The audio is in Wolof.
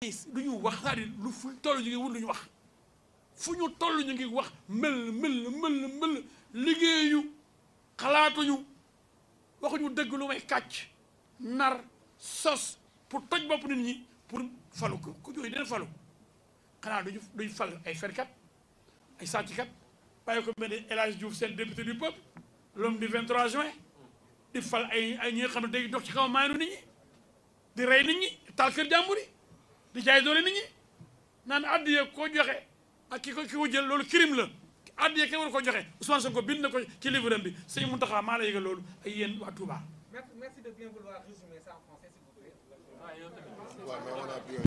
du ñu wax cest à lu fu toll ñu ngi wut wax fu ñu toll ñu ngi wax mel mel mel mel liggéeyu xalaatuñu waxuñu dëgg lu may kàcc nar sos pour toj bopp nit ñi pour falu ko ku jooyu den falu xanaa duñu duñ fal ay ferkat ay sàcckat bàyyi ko mel ne El Hadj Diouf seen député du peuple l'homme du 23 juin di fal ay ay ñi nga xam ne day dox ci kaw maanu nit ñi di rey nit ñi taal kër jàmbur lijaay jaay doole nit ñi naan addiye ko joxe ak ki ko ki ko jël loolu crime la addiye kenn war ko joxe Ousmane Sonko bind na ko ci livre bi sëñ Mountakha maa la yëgal loolu ay yéen waa Touba. merci merci de bien vouloir